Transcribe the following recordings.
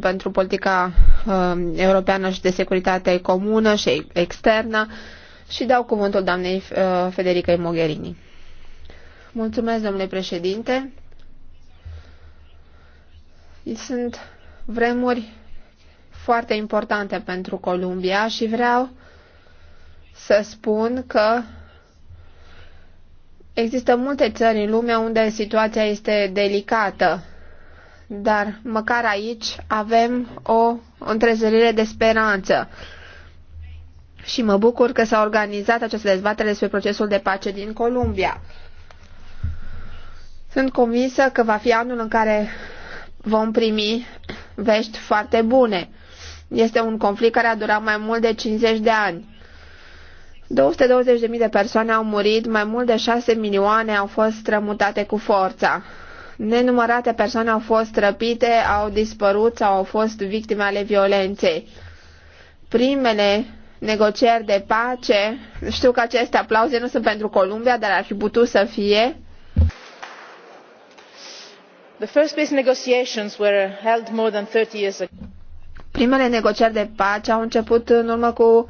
pentru politica um, europeană și de securitate comună și externă și dau cuvântul doamnei uh, Federica Mogherini. Mulțumesc, domnule președinte. Sunt vremuri foarte importante pentru Columbia și vreau să spun că există multe țări în lume unde situația este delicată dar măcar aici avem o întrezărire de speranță. Și mă bucur că s-a organizat această dezbatere despre procesul de pace din Columbia. Sunt convinsă că va fi anul în care vom primi vești foarte bune. Este un conflict care a durat mai mult de 50 de ani. 220.000 de persoane au murit, mai mult de 6 milioane au fost strămutate cu forța. Nenumărate persoane au fost răpite, au dispărut sau au fost victime ale violenței. Primele negocieri de pace, știu că aceste aplauze nu sunt pentru Columbia, dar ar fi putut să fie. The first peace negotiations were held more than 30 years ago. Primele negocieri de pace au început în urmă cu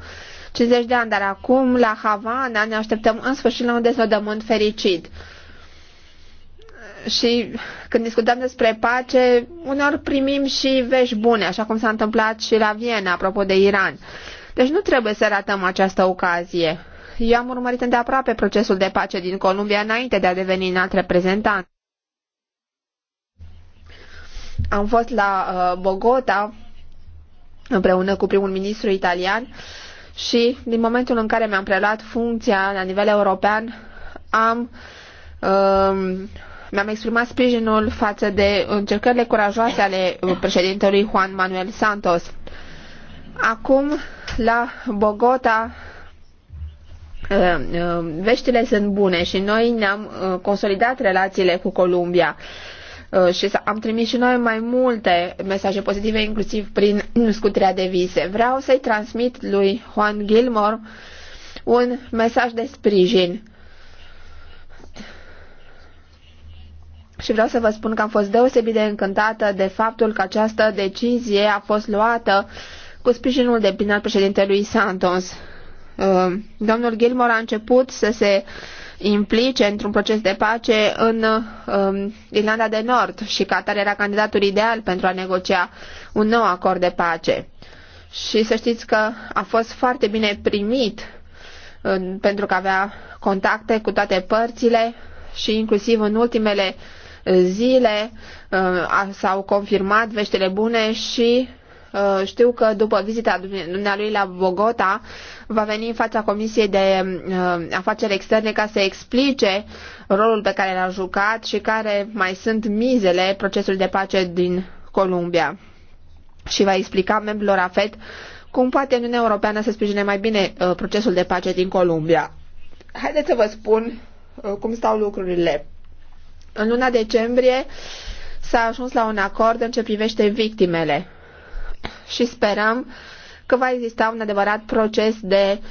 50 de ani, dar acum la Havana ne așteptăm în sfârșit la un deznodământ fericit și când discutăm despre pace, unor primim și vești bune, așa cum s-a întâmplat și la Viena, apropo de Iran. Deci nu trebuie să ratăm această ocazie. Eu am urmărit îndeaproape procesul de pace din Columbia înainte de a deveni înalt reprezentant. Am fost la uh, Bogota împreună cu primul ministru italian și din momentul în care mi-am preluat funcția la nivel european am uh, mi-am exprimat sprijinul față de încercările curajoase ale uh, președintelui Juan Manuel Santos. Acum, la Bogota, uh, uh, veștile sunt bune și noi ne-am consolidat relațiile cu Columbia și am trimis și noi mai multe mesaje pozitive, inclusiv prin scuterea de vise. Vreau să-i transmit lui Juan Gilmore un mesaj de sprijin și vreau să vă spun că am fost deosebit de încântată de faptul că această decizie a fost luată cu sprijinul de plin al președintelui Santos. Uh, domnul Gilmore a început să se implice într-un proces de pace în um, Irlanda de Nord și Qatar era candidatul ideal pentru a negocia un nou acord de pace. Și să știți că a fost foarte bine primit uh, pentru că avea contacte cu toate părțile și inclusiv în ultimele uh, zile uh, s-au confirmat veștile bune și uh, știu că după vizita dumnealui la Bogota va veni în fața Comisiei de uh, Afaceri Externe ca să explice rolul pe care l-a jucat și care mai sunt mizele procesului de pace din Columbia. Și va explica membrilor AFET cum poate Uniunea Europeană să sprijine mai bine procesul de pace din Columbia. Haideți să vă spun cum stau lucrurile. În luna decembrie s-a ajuns la un acord în ce privește victimele și sperăm că va exista un adevărat proces de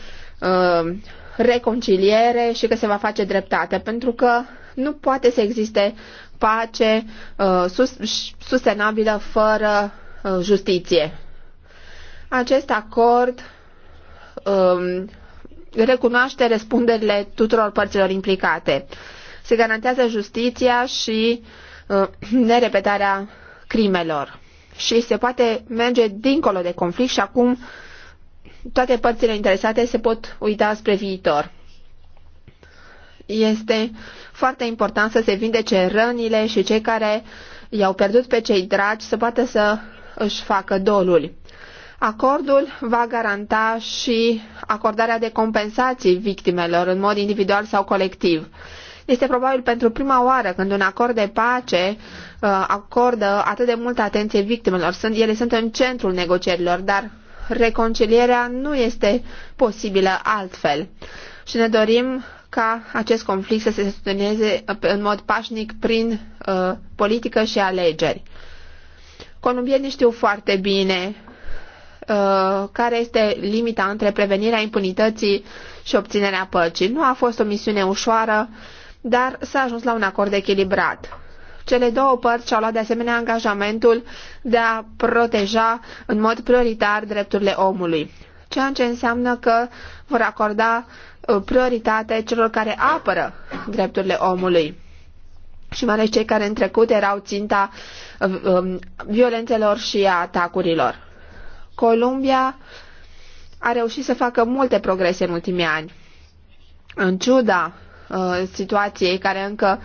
uh, reconciliere și că se va face dreptate, pentru că nu poate să existe pace uh, sus, sustenabilă fără uh, justiție. Acest acord uh, recunoaște răspunderile tuturor părților implicate. Uh, se garantează justiția și uh, nerepetarea crimelor. Și se poate merge dincolo de conflict și acum toate părțile interesate se pot uita spre viitor. Este foarte important să se vindece rănile și cei care i-au pierdut pe cei dragi să poată să își facă dolul. Acordul va garanta și acordarea de compensații victimelor în mod individual sau colectiv. Este probabil pentru prima oară când un acord de pace uh, acordă atât de multă atenție victimelor. Sunt, ele sunt în centrul negocierilor, dar reconcilierea nu este posibilă altfel. Și ne dorim ca acest conflict să se stuneze uh, în mod pașnic prin uh, politică și alegeri. Columbienii știu foarte bine uh, care este limita între prevenirea impunității și obținerea păcii. Nu a fost o misiune ușoară dar s-a ajuns la un acord echilibrat. Cele două părți și-au luat de asemenea angajamentul de a proteja în mod prioritar drepturile omului, ceea ce înseamnă că vor acorda uh, prioritate celor care apără drepturile omului și mai ales cei care în trecut erau ținta uh, um, violențelor și a atacurilor. Columbia a reușit să facă multe progrese în ultimii ani. În ciuda Uh, situației care încă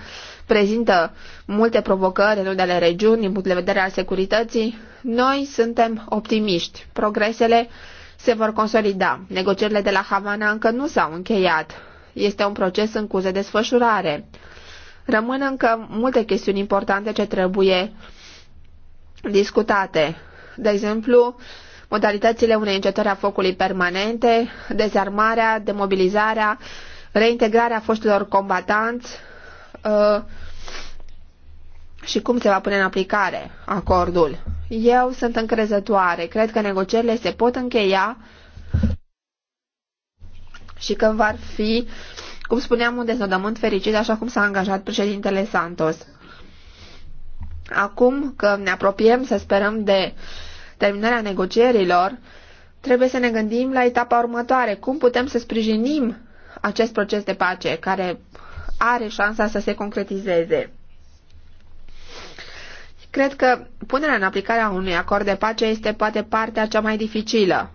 prezintă multe provocări în unele regiuni din punct de vedere al securității, noi suntem optimiști. Progresele se vor consolida. Negocierile de la Havana încă nu s-au încheiat. Este un proces în curs de desfășurare. Rămân încă multe chestiuni importante ce trebuie discutate. De exemplu, modalitățile unei încetări a focului permanente, dezarmarea, demobilizarea, reintegrarea foștilor combatanți uh, și cum se va pune în aplicare acordul. Eu sunt încrezătoare. Cred că negocierile se pot încheia și că va fi, cum spuneam, un deznodământ fericit, așa cum s-a angajat președintele Santos. Acum că ne apropiem, să sperăm, de terminarea negocierilor, trebuie să ne gândim la etapa următoare. Cum putem să sprijinim acest proces de pace care are șansa să se concretizeze. Cred că punerea în aplicare a unui acord de pace este poate partea cea mai dificilă.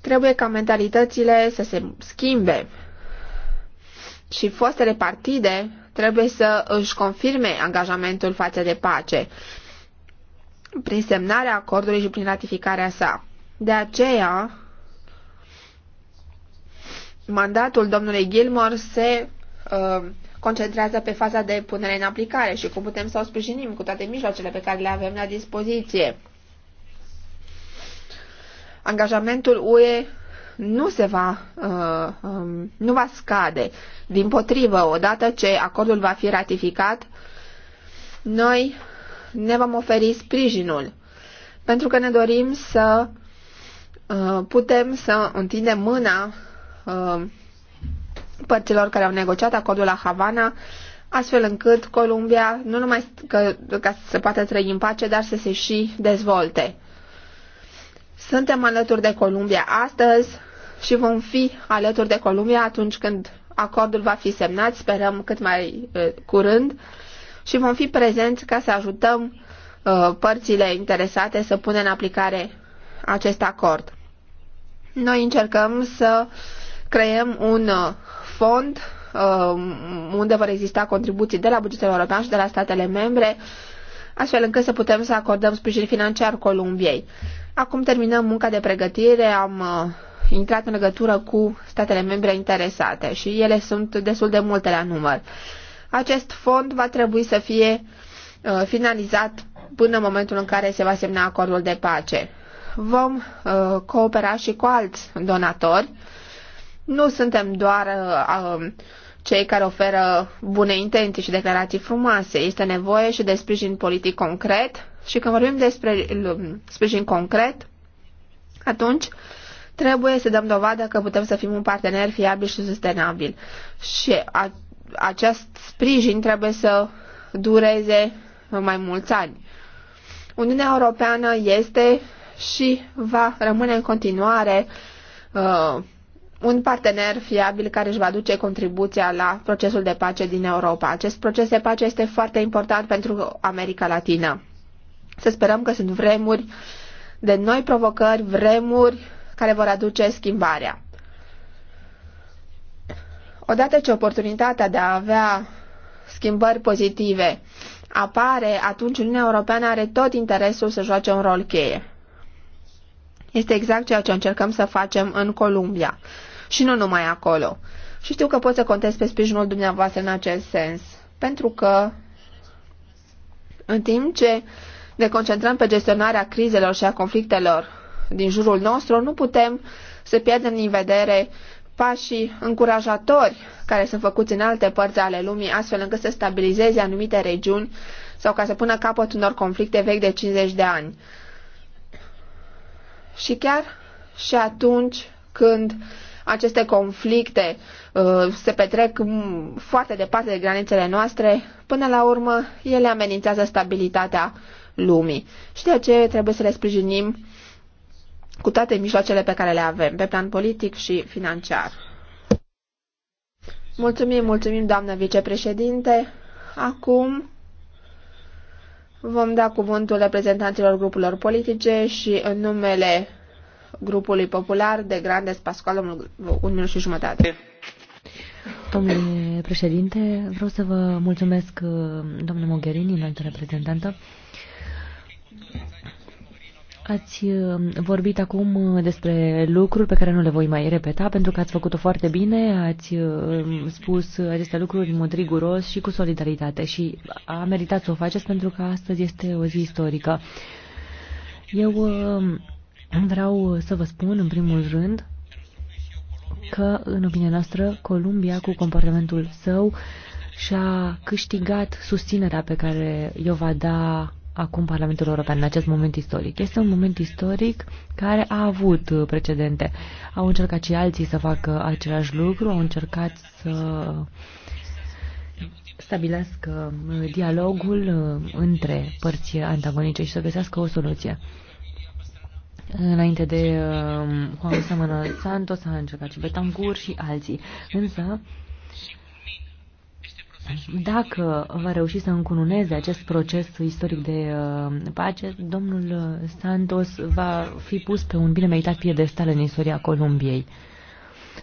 Trebuie ca mentalitățile să se schimbe și fostele partide trebuie să își confirme angajamentul față de pace prin semnarea acordului și prin ratificarea sa. De aceea, mandatul domnului Gilmore se uh, concentrează pe faza de punere în aplicare și cum putem să o sprijinim cu toate mijloacele pe care le avem la dispoziție. Angajamentul UE nu se va, uh, um, nu va scade. Din potrivă, odată ce acordul va fi ratificat, noi ne vom oferi sprijinul, pentru că ne dorim să uh, putem să întindem mâna Uh, părților care au negociat acordul la Havana, astfel încât Columbia nu numai că, ca să se poată trăi în pace, dar să se și dezvolte. Suntem alături de Columbia astăzi și vom fi alături de Columbia atunci când acordul va fi semnat, sperăm cât mai uh, curând, și vom fi prezenți ca să ajutăm uh, părțile interesate să pună în aplicare acest acord. Noi încercăm să uh, creăm un uh, fond uh, unde vor exista contribuții de la bugetul european și de la statele membre, astfel încât să putem să acordăm sprijin financiar Columbiei. Acum terminăm munca de pregătire, am uh, intrat în legătură cu statele membre interesate și ele sunt destul de multe la număr. Acest fond va trebui să fie finalizat până în momentul în care se va semna acordul de pace. Vom coopera și cu alți donatori nu suntem doar uh, cei care oferă bune intenții și declarații frumoase. Este nevoie și de sprijin politic concret și când vorbim despre um, sprijin concret, atunci trebuie să dăm dovadă că putem să fim un partener fiabil și sustenabil. Și a, acest sprijin trebuie să dureze mai mulți ani. Uniunea Europeană este și va rămâne în continuare uh, un partener fiabil care își va duce contribuția la procesul de pace din Europa. Acest proces de pace este foarte important pentru America Latină. Să sperăm că sunt vremuri de noi provocări, vremuri care vor aduce schimbarea. Odată ce oportunitatea de a avea schimbări pozitive apare, atunci Uniunea Europeană are tot interesul să joace un rol cheie. Este exact ceea ce încercăm să facem în Columbia. Și nu numai acolo. Și știu că pot să contez pe sprijinul dumneavoastră în acest sens. Pentru că în timp ce ne concentrăm pe gestionarea crizelor și a conflictelor din jurul nostru, nu putem să pierdem din vedere pașii încurajatori care sunt făcuți în alte părți ale lumii, astfel încât să stabilizeze anumite regiuni sau ca să pună capăt unor conflicte vechi de 50 de ani. Și chiar și atunci când aceste conflicte uh, se petrec foarte departe de granițele noastre, până la urmă ele amenințează stabilitatea lumii. Și de aceea trebuie să le sprijinim cu toate mijloacele pe care le avem, pe plan politic și financiar. Mulțumim, mulțumim, doamnă vicepreședinte. Acum Vom da cuvântul reprezentanților grupurilor politice și în numele grupului popular de grande spascoală un minut și jumătate. Domnule președinte, vreau să vă mulțumesc, uh, domnule Mogherini, înaltă reprezentantă, Ați uh, vorbit acum uh, despre lucruri pe care nu le voi mai repeta, pentru că ați făcut-o foarte bine, ați uh, spus aceste lucruri în mod riguros și cu solidaritate și a meritat să o faceți pentru că astăzi este o zi istorică. Eu vreau să vă spun, în primul rând, că, în opinia noastră, Columbia, cu comportamentul său, și-a câștigat susținerea pe care i-o va da acum Parlamentul European, în acest moment istoric. Este un moment istoric care a avut precedente. Au încercat și alții să facă același lucru, au încercat să stabilească dialogul între părți antagonice și să găsească o soluție. Înainte de uh, Juan Samuel Santos a încercat și Betancur și alții. Însă, dacă va reuși să încununeze acest proces istoric de uh, pace, domnul Santos va fi pus pe un bine meritat piedestal în istoria Columbiei.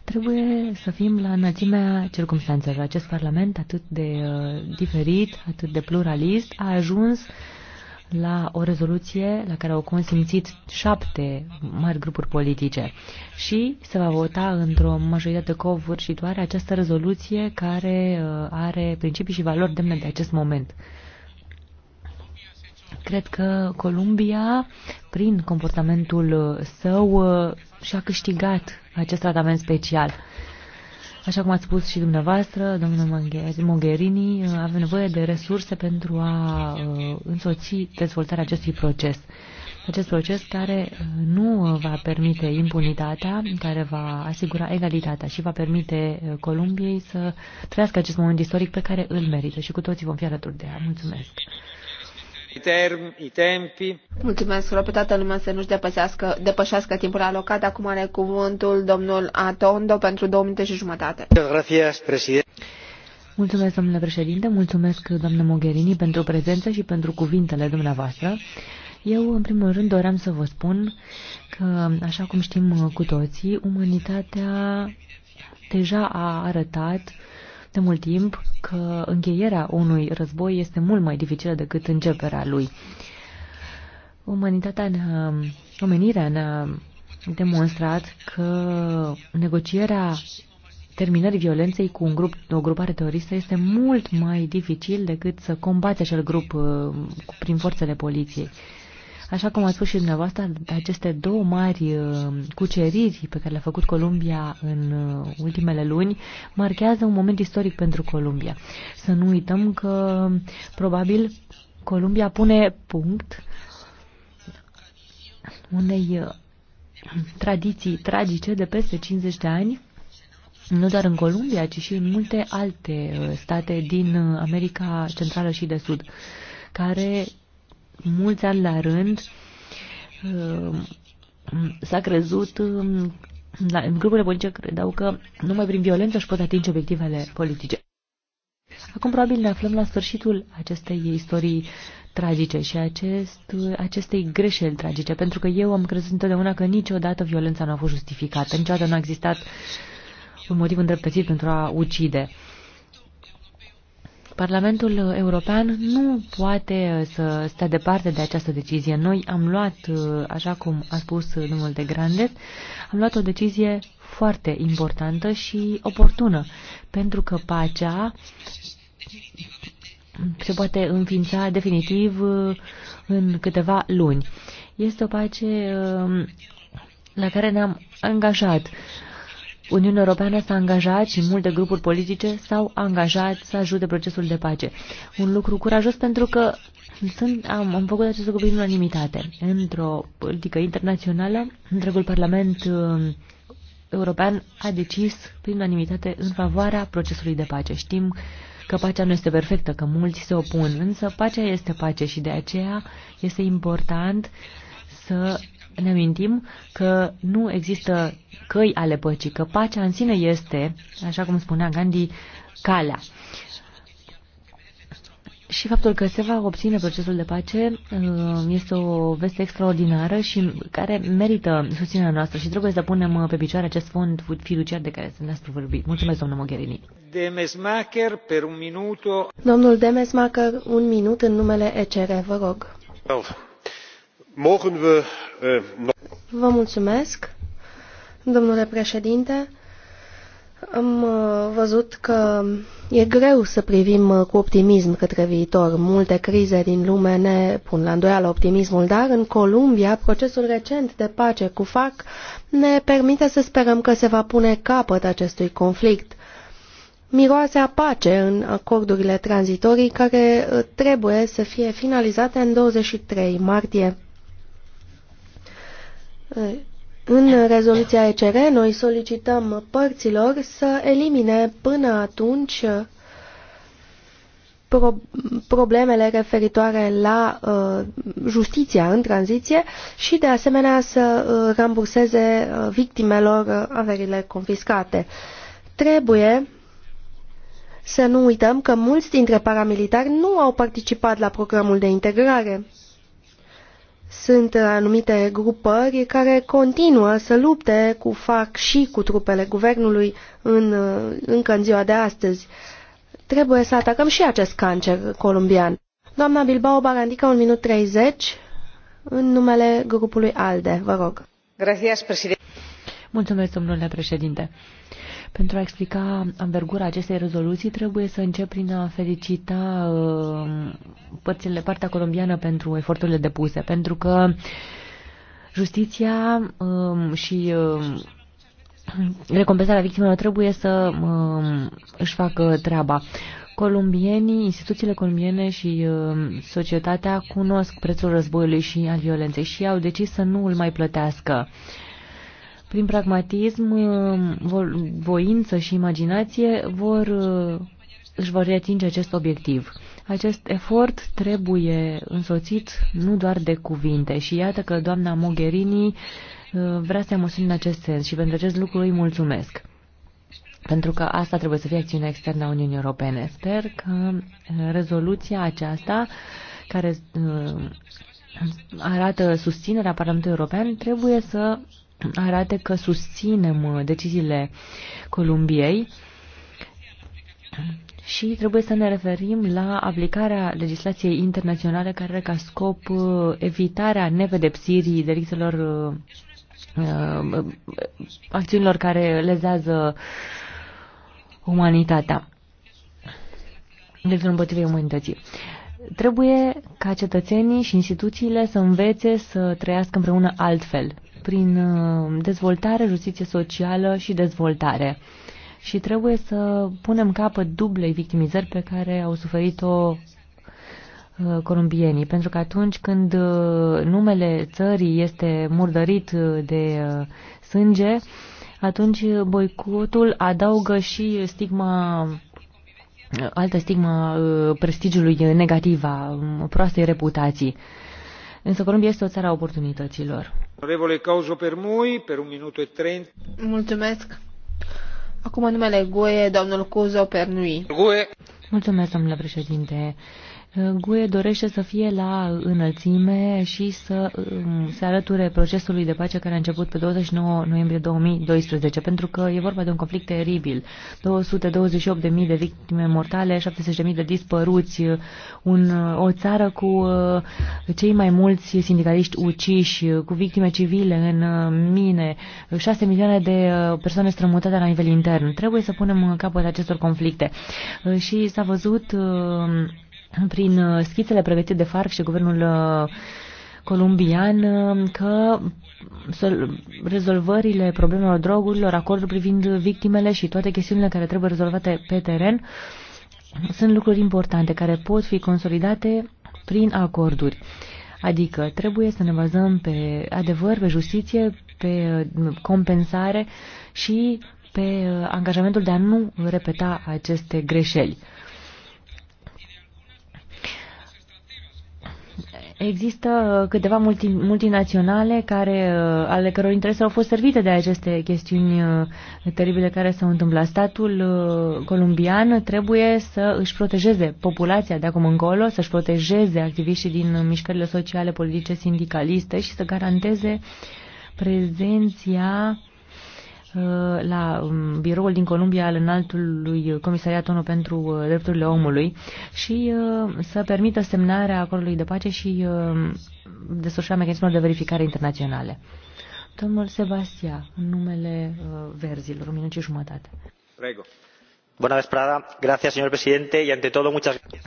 Trebuie să fim la înălțimea circumstanțelor. Acest parlament atât de uh, diferit, atât de pluralist, a ajuns uh, la o rezoluție la care au consimțit șapte mari grupuri politice și se va vota într-o majoritate covârșitoare această rezoluție care uh, are principii și valori demne de acest moment. Cred că Columbia, prin comportamentul său, uh, și-a câștigat acest tratament special. Așa cum ați spus și dumneavoastră, domnul Mogherini, uh, avem nevoie de resurse pentru a uh, însoți dezvoltarea acestui proces. Acest proces care uh, nu va permite impunitatea, care va asigura egalitatea și va permite Columbiei să trăiască acest moment istoric pe care îl merită și cu toții vom fi alături de ea. Mulțumesc! Mulțumesc, rog pe toată lumea să nu-și depășească, timpul alocat. Acum are cuvântul domnul Atondo pentru două minute și jumătate. Mulțumesc, domnule președinte, mulțumesc, doamnă Mogherini, pentru prezență și pentru cuvintele dumneavoastră. Eu, în primul rând, doream să vă spun că, așa cum știm cu toții, umanitatea deja a arătat uh, de mult timp că încheierea unui război este mult mai dificilă decât începerea lui. Umanitatea ne-a, omenirea ne-a demonstrat că negocierea terminării violenței cu un grup, o grupare teroristă este mult mai dificil decât să combați acel grup uh, prin forțele poliției. Așa cum ați spus și dumneavoastră, aceste două mari uh, cuceriri pe care le-a făcut Columbia în uh, ultimele luni marchează un moment istoric pentru Columbia. Să nu uităm că probabil Columbia pune punct unei uh, tradiții tragice de peste 50 de ani nu doar în Columbia, ci și în multe alte state din America Centrală și de Sud, care mulți ani la rând uh, s-a crezut, um, la, grupurile politice credeau că numai prin violență își pot atinge obiectivele politice. Acum probabil ne aflăm la sfârșitul acestei istorii tragice și acest, acestei greșeli tragice, pentru că eu am crezut întotdeauna că niciodată violența nu a fost justificată, niciodată nu a existat un motiv îndreptățit pentru a ucide. Uh, Parlamentul European nu poate uh, să stea departe de această decizie. Noi am luat, uh, așa cum a spus domnul de Grandes, am luat o decizie foarte importantă și oportună, pentru că pacea se poate înființa definitiv uh, în câteva luni. Este o pace la care ne-am angajat. Uniunea Europeană s-a angajat și multe grupuri politice s-au angajat să ajute procesul de pace. Un lucru curajos pentru că sunt, am, am făcut acest lucru prin unanimitate. Într-o politică internațională, întregul Parlament uh, European a decis prin unanimitate în favoarea procesului de pace. Știm că pacea nu este perfectă, că mulți se opun, însă pacea este pace și de aceea este important să ne amintim că nu există căi ale păcii, că pacea în sine este, așa cum spunea Gandhi, calea. Și faptul că se va obține procesul de pace uh, este o veste extraordinară și care merită susținerea noastră și trebuie să punem uh, pe picioare acest fond fiduciar de care dumneavoastră vorbit. Mulțumesc, domnul Mogherini. Demesmacher, per un minut. Domnul Demesmacher, un minut în numele ECR, vă rog. Oh. Eh, domnule președinte. Am eh, văzut că e greu să privim eh, cu optimism către viitor. Multe crize din lume ne pun la îndoială optimismul, dar în Columbia procesul recent de pace cu FAC ne permite să sperăm că se va pune capăt acestui conflict. Miroase a pace în acordurile tranzitorii care trebuie să fie finalizate în 23 martie. În rezoluția ECR noi solicităm părților să elimine până atunci pro problemele referitoare la uh, justiția în tranziție și de asemenea să uh, ramburseze uh, victimelor uh, averile confiscate. Trebuie să nu uităm că mulți dintre paramilitari nu au participat la programul de integrare sunt anumite grupări care continuă să lupte cu FARC și cu trupele guvernului în, încă în ziua de astăzi. Trebuie să atacăm și acest cancer columbian. Doamna Bilbao Barandica, un minut 30, în numele grupului ALDE, vă rog. Gracias, Mulțumesc, domnule președinte. Pentru a explica învergura acestei rezoluții, trebuie să încep prin a felicita uh, părțile, partea colombiană pentru eforturile depuse, pentru că justiția um, și um, recompensarea victimelor trebuie să um, își facă treaba columbienii, instituțiile columbiene și uh, societatea cunosc prețul războiului și al violenței și au decis să nu îl mai plătească. Uh, prin pragmatism, uh, voință și imaginație vor, uh, își vor reatinge acest obiectiv. Acest efort trebuie însoțit nu doar de cuvinte și iată că doamna Mogherini uh, vrea să ia măsuri în acest sens și pentru acest lucru îi mulțumesc pentru că asta trebuie să fie acțiunea externă a Uniunii Europene. Sper că rezoluția aceasta, care arată susținerea Parlamentului European, trebuie să arate că susținem uh, deciziile Columbiei și trebuie să ne referim la aplicarea legislației internaționale care are ca scop uh, evitarea nevedepsirii delictelor uh, acțiunilor care lezează umanitatea, deci împotriva umanității. Trebuie ca cetățenii și instituțiile să învețe să trăiască împreună altfel, prin uh, dezvoltare, justiție socială și dezvoltare. Și trebuie să punem capăt dublei victimizări pe care au suferit-o uh, columbienii, pentru că atunci când uh, numele țării este murdărit de sânge, atunci boicotul adaugă și stigma altă stigma prestigiului negativ a um, proastei reputații. Însă Columbia este o țară a oportunităților. Onorevole Cauzo Permui, per un minut e 30. Mulțumesc. Acum numele GUE, domnul Cuzo Pernui. GUE. Mulțumesc, domnule președinte. Guie dorește să fie la înălțime și să um, se alăture procesului de pace care a început pe 29 noiembrie 2012, pentru că e vorba de un conflict teribil. 228.000 de victime mortale, 70.000 de dispăruți, un, o țară cu uh, cei mai mulți sindicaliști uciși, cu victime civile în uh, mine, 6 milioane de uh, persoane strămutate la nivel intern. Trebuie să punem capăt acestor conflicte. Și s-a văzut prin uh, schițele pregătite de FARC și guvernul uh, columbian uh, că rezolvările problemelor drogurilor, acordul privind victimele și toate chestiunile care trebuie rezolvate pe teren sunt lucruri importante care pot fi consolidate prin acorduri. Adică trebuie să ne bazăm pe adevăr, pe justiție, pe compensare și pe angajamentul de a nu repeta aceste greșeli. Există uh, câteva multi, multinaționale care, uh, ale căror interese au fost servite de aceste chestiuni uh, teribile care s-au întâmplat. Statul columbian trebuie să își protejeze populația de acum încolo, să-și protejeze activiștii din mișcările sociale, politice, sindicaliste și să garanteze prezenția Uh, la um, biroul din Columbia al înaltului comisariat ONU pentru uh, drepturile omului și uh, să permită semnarea acordului de pace și desfășura mecanismelor de verificare internaționale. Domnul Sebastia, în numele verzilor, un minut și jumătate. Prego señor presidente y ante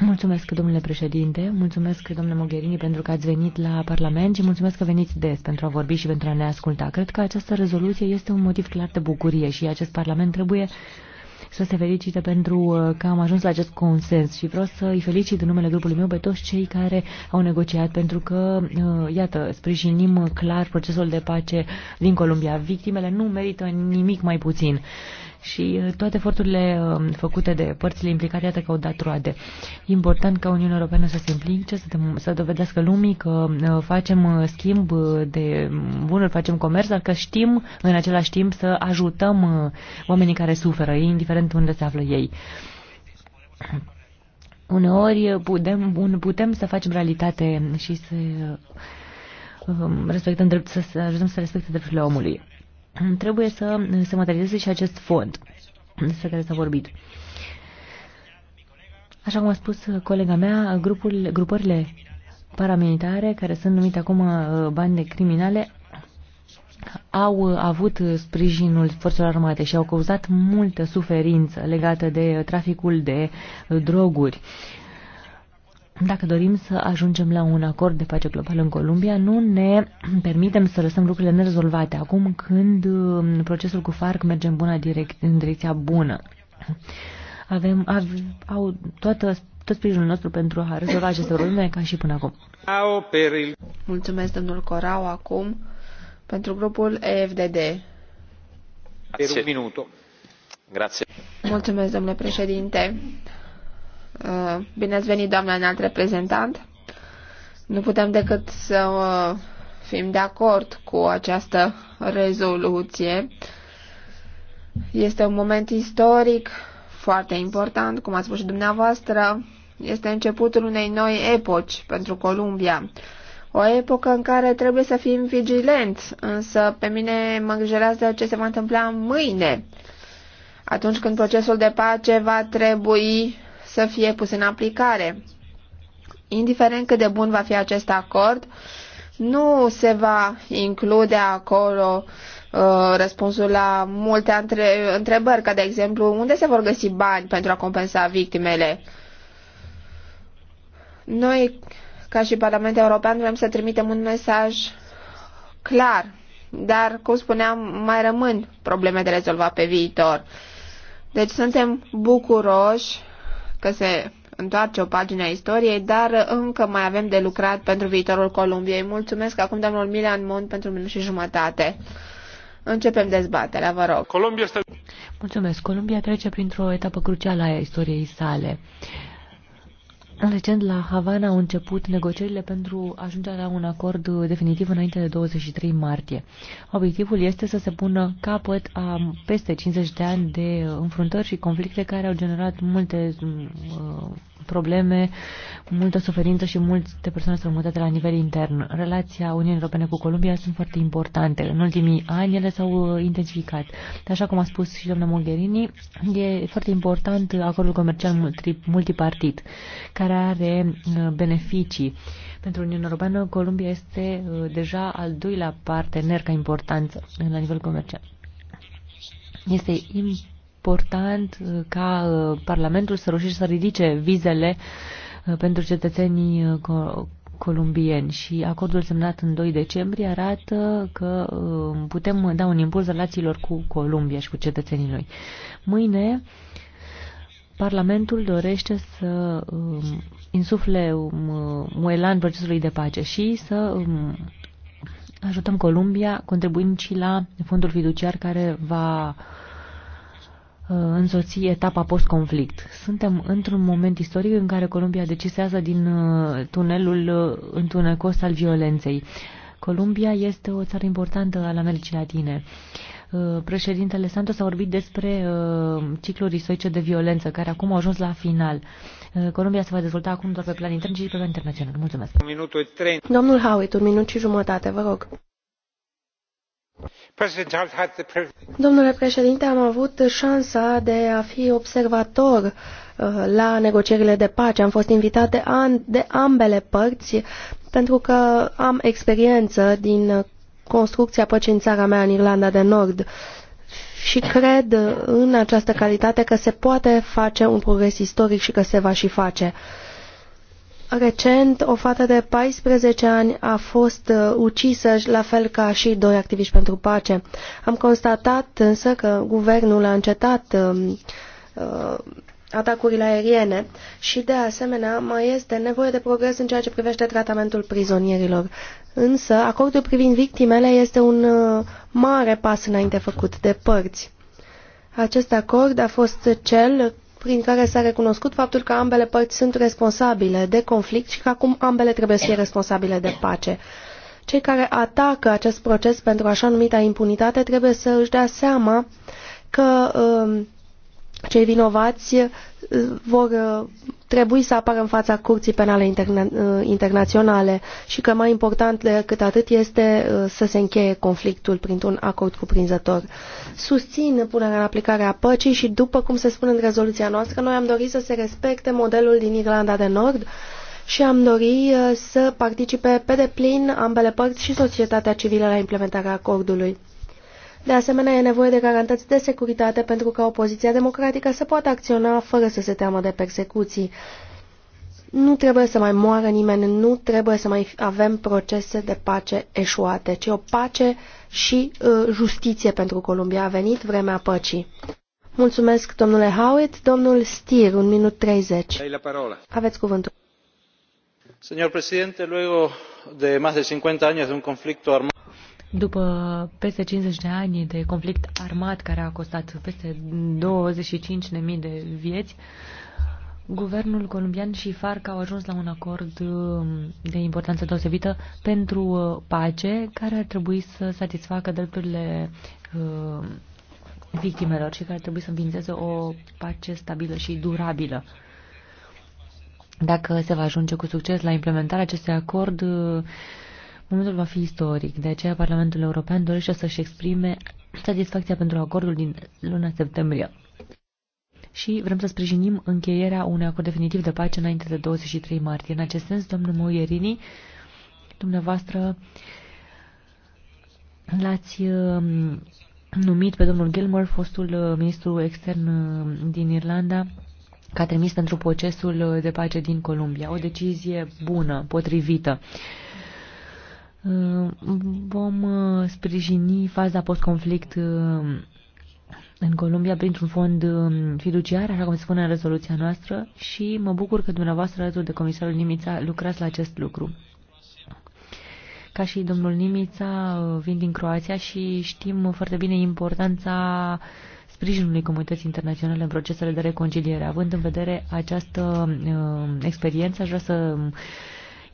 Mulțumesc, domnule președinte, mulțumesc, domnule Mogherini, pentru că ați venit la Parlament și mulțumesc că veniți des pentru a vorbi și pentru a ne asculta. Cred că această rezoluție este un motiv clar de bucurie și acest Parlament trebuie să se felicite pentru uh, că am ajuns la acest consens și vreau să îi felicit în numele grupului meu pe toți cei care au negociat pentru că, uh, iată, sprijinim clar procesul de pace din Columbia. Victimele nu merită nimic mai puțin și uh, toate eforturile um, făcute de părțile implicate, iată că au dat roade. important ca Uniunea Europeană să se implice, să, să dovedească lumii că uh, facem uh, schimb de bunuri, facem comerț, dar că știm în același timp să ajutăm oamenii care suferă, indiferent unde se află ei. Uneori putem, putem să facem realitate și să um, respectăm drept, să, să ajutăm să respectăm drepturile omului. Trebuie să se materializeze și acest fond despre care s-a vorbit. Așa cum a spus colega mea, grupul, grupările paramilitare, care sunt numite acum uh, bande criminale, au avut sprijinul forțelor armate și au cauzat multă suferință legată de traficul de uh, droguri. Uh, dacă dorim să ajungem la un acord de pace global în Columbia, nu ne permitem să lăsăm lucrurile nerezolvate acum când um, procesul cu FARC merge în, bună direc- în direcția bună. Avem av, au toată, tot sprijinul nostru pentru a rezolva aceste probleme ca și până acum. Mulțumesc, domnul Corau, acum pentru grupul EFDD. Grazie. Mulțumesc, domnule președinte. Uh, bine ați venit, doamna înalt reprezentant. Nu putem decât să uh, fim de acord cu această rezoluție. Este un moment istoric foarte important, cum ați spus și dumneavoastră. Este începutul unei noi epoci pentru Columbia. O epocă în care trebuie să fim vigilenți, însă pe mine mă îngrijorează ce se va întâmpla mâine, atunci când procesul de pace va trebui să fie pus în aplicare. Indiferent cât de bun va fi acest acord, nu se va include acolo uh, răspunsul la multe între, întrebări, ca de exemplu, unde se vor găsi bani pentru a compensa victimele. Noi, ca și Parlamentul European, vrem să trimitem un mesaj clar, dar, cum spuneam, mai rămân probleme de rezolvat pe viitor. Deci suntem bucuroși că se întoarce o pagină a istoriei, dar încă mai avem de lucrat pentru viitorul Columbiei. Mulțumesc acum domnul Milan Mont pentru minut și jumătate. Începem dezbaterea, vă rog. Columbia este... Mulțumesc. Columbia trece printr-o etapă crucială a istoriei sale. Recent la Havana au început negocierile pentru ajungerea la un acord definitiv înainte de 23 martie. Obiectivul este să se pună capăt a peste 50 de ani de înfruntări și conflicte care au generat multe uh, probleme, multă suferință și multe persoane strămutate la nivel intern. Relația Uniunii Europene cu Columbia sunt foarte importante. În ultimii ani ele s-au uh, intensificat. Așa cum a spus și doamna Mogherini, e foarte important acordul comercial multipartit, care are uh, beneficii. Pentru Uniunea Europeană, Columbia este uh, deja al doilea partener ca importanță la nivel comercial. Este important important uh, ca uh, Parlamentul să reușească să ridice vizele uh, pentru cetățenii columbieni și acordul semnat în 2 decembrie arată că putem da un impuls relațiilor cu Columbia și cu cetățenii noi. Mâine Parlamentul dorește să um, insufle un um, elan procesului de pace și să um, ajutăm Columbia contribuind și la fondul fiduciar care va Uh, însoți etapa post-conflict. Suntem într-un moment istoric în care Columbia decisează din uh, tunelul uh, întunecos al violenței. Columbia este o țară importantă al Americii Latine. Președintele Santos a vorbit despre cicluri istorice de violență, care acum au ajuns la final. Columbia se va dezvolta acum doar pe plan intern, și pe plan internațional. Mulțumesc. Minutul 30. Domnul Howitt, un minut și jumătate, vă rog. Domnule președinte, am avut șansa de a fi observator uh, la negocierile de pace. Am fost invitat de ambele părți pentru că am experiență din construcția păcii în țara mea, în Irlanda de Nord. Și cred în această calitate că se poate face un progres istoric și că se va și face. Uh, Recent, o fată de 14 ani a fost uh, ucisă, la fel ca și doi activiști pentru pace. Am constatat însă că guvernul a încetat um, uh, atacurile aeriene și, de asemenea, mai este nevoie de progres în ceea ce privește tratamentul prizonierilor. Însă, acordul privind victimele este un uh, mare pas înainte făcut de părți. Acest acord a fost cel prin care s-a recunoscut faptul că ambele părți sunt responsabile de conflict și că acum ambele trebuie să fie responsabile de pace. Cei care atacă acest proces pentru așa numita impunitate trebuie să își dea seama că uh, cei vinovați uh, vor uh, trebui să apară în fața curții penale interna uh, internaționale și că mai important decât atât este uh, să se încheie conflictul printr-un acord cuprinzător. Susțin punerea în aplicare a păcii și, după cum se spune în rezoluția noastră, noi am dorit să se respecte modelul din Irlanda de Nord și am dori uh, să participe pe deplin ambele părți și societatea civilă la implementarea acordului. De asemenea, e nevoie de garantăți de securitate pentru ca opoziția democratică să poată acționa fără să se teamă de persecuții. Nu trebuie să mai moară nimeni, nu trebuie să mai avem procese de pace eșuate, ci o pace și uh, justiție pentru Columbia. A venit vremea păcii. Mulțumesc, domnule Howitt. Domnul Stier, un minut 30. Aveți cuvântul. Señor presidente, luego de más de 50 años de un conflicto armado... După peste 50 de ani de conflict armat care a costat peste 25.000 de vieți, Guvernul colombian și FARC au ajuns la un acord um, de importanță deosebită pentru uh, pace, care ar trebui să satisfacă drepturile um, victimelor și care ar trebui să înființeze o pace stabilă și durabilă. Dacă se va ajunge cu succes la implementarea acestui acord, uh, Momentul va fi istoric, de aceea Parlamentul European dorește să-și exprime satisfacția pentru acordul din luna septembrie. Și vrem să sprijinim încheierea unui acord definitiv de pace înainte de 23 martie. În acest sens, domnul Moierini, dumneavoastră l-ați um, numit pe domnul Gilmore, fostul uh, ministru extern uh, din Irlanda, ca trimis pentru procesul uh, de pace din Columbia. O decizie bună, potrivită. Uh, vom uh, sprijini faza post-conflict uh, în Columbia printr-un fond um, fiduciar, așa cum se spune în rezoluția noastră, și mă bucur că dumneavoastră, alături de comisarul Nimița, lucrați la acest lucru. Ca și domnul Nimița, vin din Croația și știm foarte bine importanța sprijinului comunității internaționale în procesele de reconciliere. Având în vedere această uh, experiență, aș vrea să uh,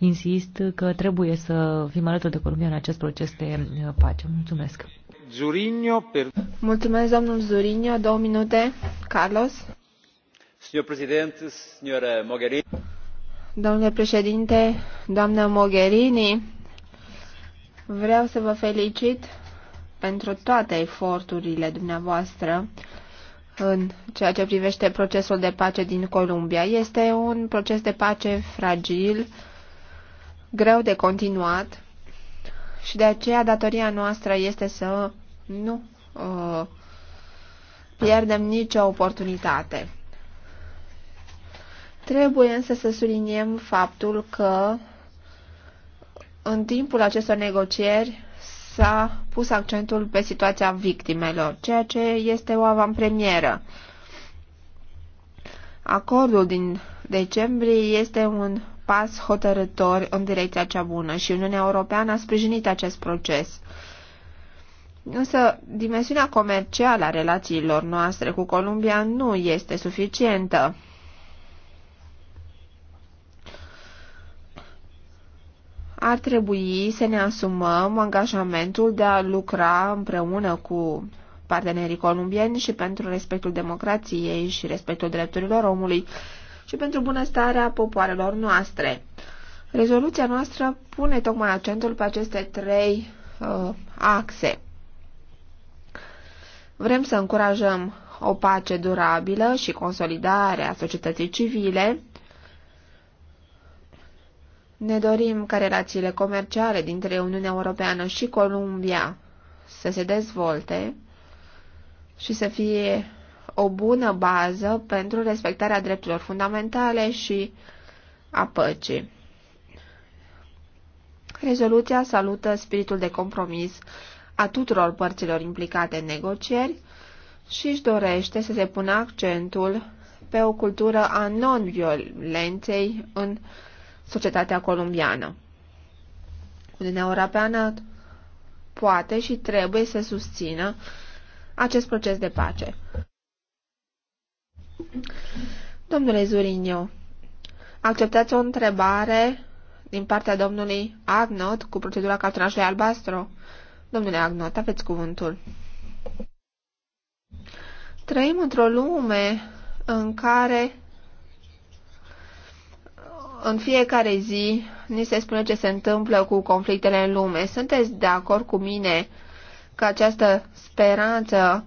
insist că trebuie să fim alături de Columbia în acest proces de uh, pace. Mulțumesc! Zurinio per... Mulțumesc, domnul Zurinio. Două minute. Carlos. Signor președinte, signora Mogherini. Domnule președinte, doamnă Mogherini, vreau să vă felicit pentru toate eforturile dumneavoastră în ceea ce privește procesul de pace din Columbia. Este un proces de pace fragil, greu de continuat și de aceea datoria noastră este să nu uh, pierdem nicio oportunitate. Trebuie însă să subliniem faptul că în timpul acestor negocieri s-a pus accentul pe situația victimelor, ceea ce este o avantpremieră. Acordul din decembrie este un pas hotărător în direcția cea bună și Uniunea Europeană a sprijinit acest proces. Însă, dimensiunea comercială a relațiilor noastre cu Columbia nu este suficientă. Ar trebui să ne asumăm angajamentul de a lucra împreună cu partenerii columbieni și pentru respectul democrației și respectul drepturilor omului și pentru bunăstarea popoarelor noastre. Rezoluția noastră pune tocmai accentul pe aceste trei uh, axe. Vrem să încurajăm o pace durabilă și consolidarea societății civile. Ne dorim ca relațiile comerciale dintre Uniunea Europeană și Columbia să se dezvolte și să fie o bună bază pentru respectarea drepturilor fundamentale și a păcii. Rezoluția salută spiritul de compromis a tuturor părților implicate în negocieri și își dorește să se pună accentul pe o cultură a non-violenței în societatea colombiană. Uniunea Europeană poate și trebuie să susțină acest proces de pace. Domnule Zuriniu, acceptați o întrebare din partea domnului Agnot cu procedura cartonașului albastru? Domnule Agnot, aveți cuvântul. Trăim într-o lume în care în fiecare zi ni se spune ce se întâmplă cu conflictele în lume. Sunteți de acord cu mine că această speranță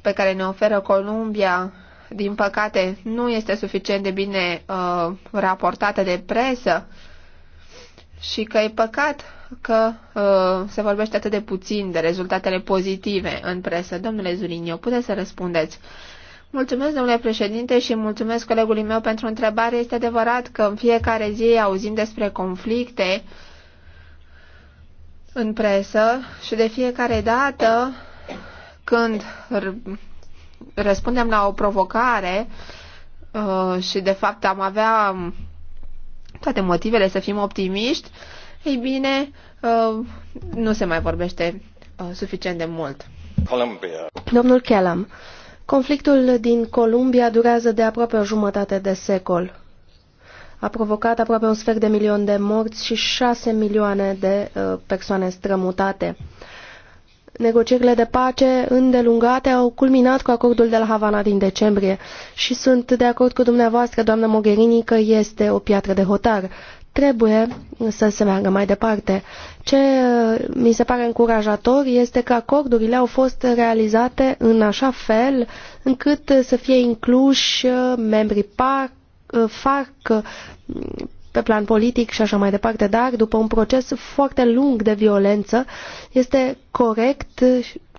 pe care ne oferă Columbia din păcate, nu este suficient de bine uh, raportată de presă și că e păcat că uh, se vorbește atât de puțin de rezultatele pozitive în presă. Domnule Zurinio, puteți să răspundeți. Mulțumesc, domnule președinte, și mulțumesc colegului meu pentru întrebare. Este adevărat că în fiecare zi auzim despre conflicte în presă și de fiecare dată când răspundem la o provocare uh, și de fapt am avea um, toate motivele să fim optimiști, ei bine, uh, nu se mai vorbește uh, suficient de mult. Columbia. Domnul Kellam, conflictul din Columbia durează de aproape o jumătate de secol. A provocat aproape un sfert de milion de morți și șase milioane de persoane strămutate. Negocierile de pace îndelungate au culminat cu acordul de la Havana din decembrie și sunt de acord cu dumneavoastră, doamnă Mogherini, că este o piatră de hotar. Trebuie să se meargă mai departe. Ce uh, mi se pare încurajator este că acordurile au fost realizate în așa fel încât să fie incluși uh, membrii PAC, uh, FARC, pe plan politic și așa mai departe, dar după un proces foarte lung de violență, este corect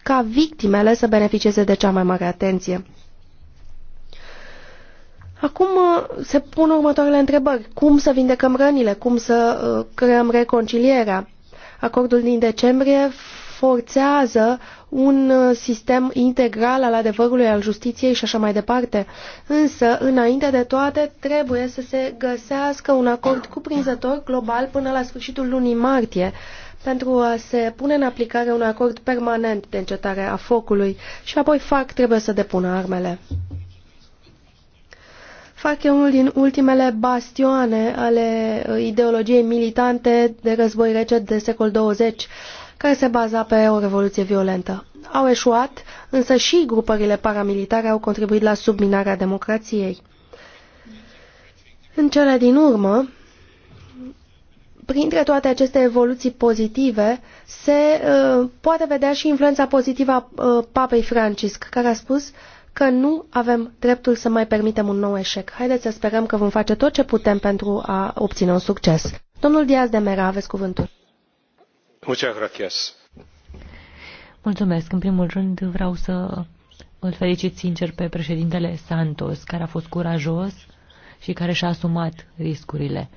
ca victimele să beneficieze de cea mai mare atenție. Acum uh, se pun următoarele întrebări. Cum să vindecăm rănile? Cum să uh, creăm reconcilierea? Acordul din decembrie forțează un uh, sistem integral al adevărului, al justiției și așa mai departe. Însă, înainte de toate, trebuie să se găsească un acord cuprinzător global până la sfârșitul lunii martie pentru a se pune în aplicare un acord permanent de încetare a focului și apoi FAC trebuie să depună armele. FAC e unul din ultimele bastioane ale uh, ideologiei militante de război rece de secol 20 care se baza pe o revoluție violentă. Au eșuat, însă și grupările paramilitare au contribuit la subminarea democrației. În cele din urmă, printre toate aceste evoluții pozitive, se uh, poate vedea și influența pozitivă a uh, Papei Francisc, care a spus că nu avem dreptul să mai permitem un nou eșec. Haideți să sperăm că vom face tot ce putem pentru a obține un succes. Domnul Diaz de Mera, aveți cuvântul. Mulțumesc. În primul rând vreau să îl felicit sincer pe președintele Santos, care a fost curajos și care și-a asumat riscurile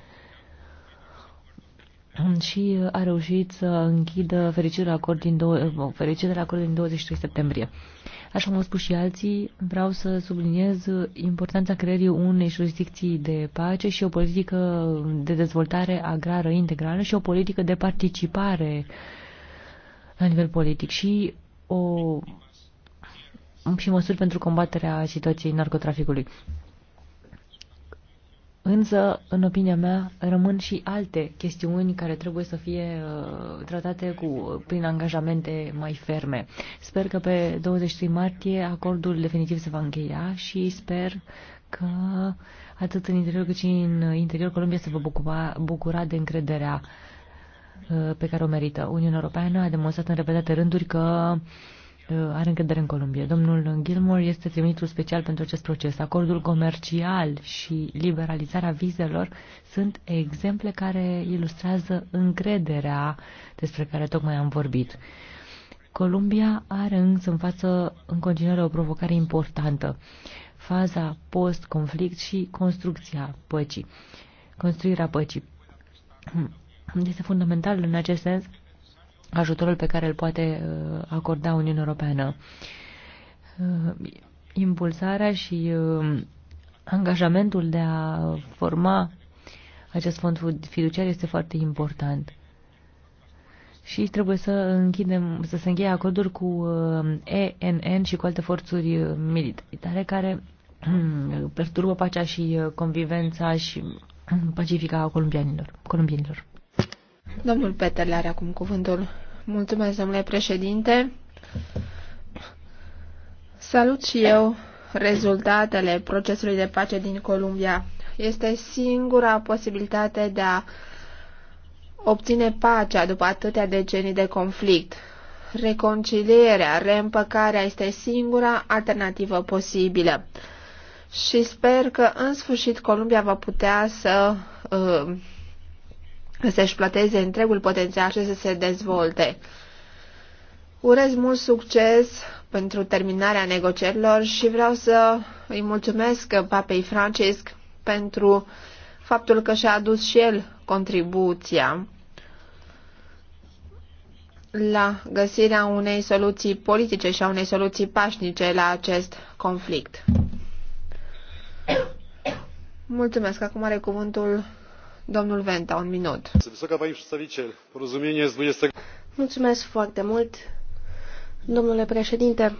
și a reușit să închidă fericirea acord din, două, fericirea acord din 23 septembrie. Așa cum au spus și alții, vreau să subliniez importanța creării unei jurisdicții de pace și o politică de dezvoltare agrară integrală și o politică de participare la nivel politic și o și măsuri pentru combaterea situației narcotraficului. Însă, în opinia mea, rămân și alte chestiuni care trebuie să fie uh, tratate cu, prin angajamente mai ferme. Sper că pe 23 martie acordul definitiv se va încheia și sper că atât în interior cât și în interior Columbia se va bucura, bucura de încrederea uh, pe care o merită. Uniunea Europeană a demonstrat în repetate rânduri că uh, Uh, are încredere în Columbia. Domnul Gilmore este trimisul special pentru acest proces. Acordul comercial și liberalizarea vizelor sunt exemple care ilustrează încrederea despre care tocmai am vorbit. Columbia are însă în față în continuare o provocare importantă, faza post-conflict și construcția păcii, construirea păcii. Este fundamental în acest sens ajutorul pe care îl poate uh, acorda Uniunea Europeană. Uh, impulsarea și uh, angajamentul de a forma acest fond fiduciar este foarte important. Și trebuie să închidem, să se încheie acorduri cu ENN și cu alte forțuri militare care perturbă pacea și convivența și pacifică a colombianilor. colombienilor. Domnul Peterle are acum cuvântul. Mulțumesc, domnule președinte. Salut și eu rezultatele procesului de pace din Columbia. Este singura posibilitate de a obține pacea după atâtea decenii de conflict. Reconcilierea, reîmpăcarea este singura alternativă posibilă. Și sper că în sfârșit Columbia va putea să uh, să-și plăteze întregul potențial și să se dezvolte. Urez mult succes pentru terminarea negocierilor și vreau să îi mulțumesc Papei Francisc pentru faptul că și-a adus și el contribuția la găsirea unei soluții politice și a unei soluții pașnice la acest conflict. Mulțumesc. Acum are cuvântul Domnul Venta, un minut. Mulțumesc foarte mult, domnule președinte.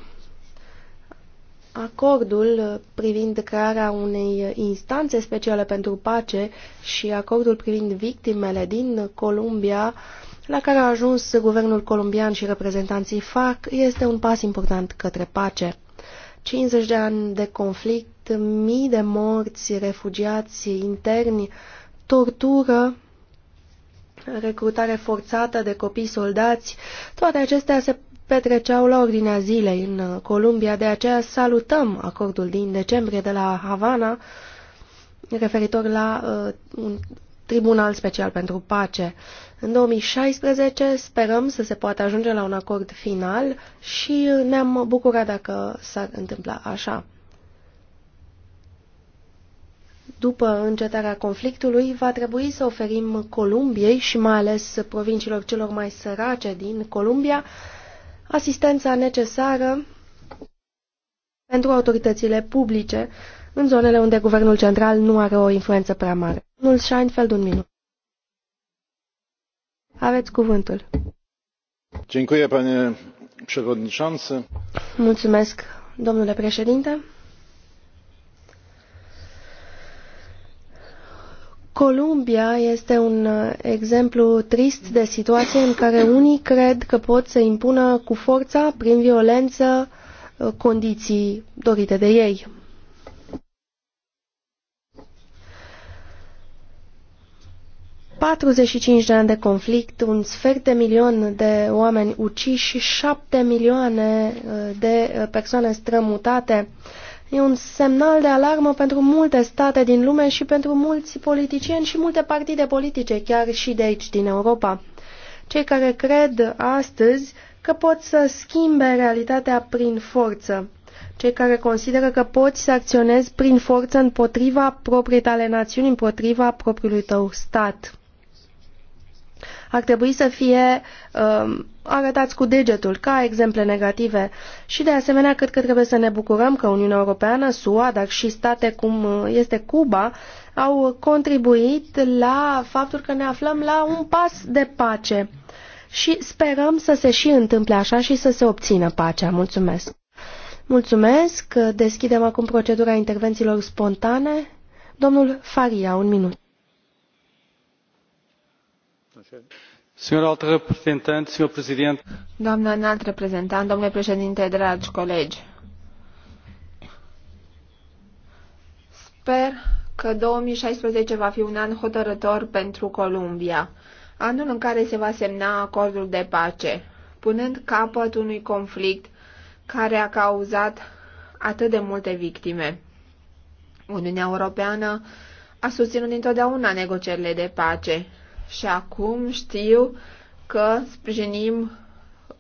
Acordul privind crearea unei instanțe speciale pentru pace și acordul privind victimele din Columbia, la care a ajuns guvernul colombian și reprezentanții FARC, este un pas important către pace. 50 de ani de conflict, mii de morți, refugiați interni, tortură, recrutare forțată de copii soldați, toate acestea se petreceau la ordinea zilei în uh, Columbia, de aceea salutăm acordul din decembrie de la Havana referitor la uh, un tribunal special pentru pace. În 2016 sperăm să se poată ajunge la un acord final și uh, ne-am bucurat dacă s-ar întâmpla așa. După încetarea conflictului, va trebui să oferim Columbiei și mai ales provinciilor celor mai sărace din Columbia asistența necesară pentru autoritățile publice în zonele unde guvernul central nu are o influență prea mare. Domnul Scheinfeld, un minut. Aveți cuvântul. Mulțumesc, domnule președinte. Columbia este un uh, exemplu trist de situație în care unii cred că pot să impună cu forța, prin violență, uh, condiții dorite de ei. ...45 de ani de conflict, un sfert de milion de oameni uciși, 7 milioane uh, de persoane strămutate... E un semnal de alarmă pentru multe state din lume și pentru mulți politicieni și multe partide politice, chiar și de aici, din Europa. Cei care cred astăzi că pot să schimbe realitatea prin forță. Cei care consideră că poți să acționezi prin forță împotriva propriei tale națiuni, împotriva propriului tău stat ar trebui să fie uh, arătați cu degetul ca exemple negative și de asemenea cred că trebuie să ne bucurăm că Uniunea Europeană, SUA, dar și state cum uh, este Cuba au contribuit la faptul că ne aflăm la un pas de pace și sperăm să se și întâmple așa și să se obțină pacea. Mulțumesc! Mulțumesc! Deschidem acum procedura intervențiilor spontane. Domnul Faria, un minut. Doamnă înalt reprezentant, domnule președinte, dragi colegi, sper că 2016 va fi un an hotărător pentru Columbia, anul în care se va semna acordul de pace, punând capăt unui conflict care a cauzat atât de multe victime. Uniunea Europeană a susținut întotdeauna negocierile de pace și acum știu că sprijinim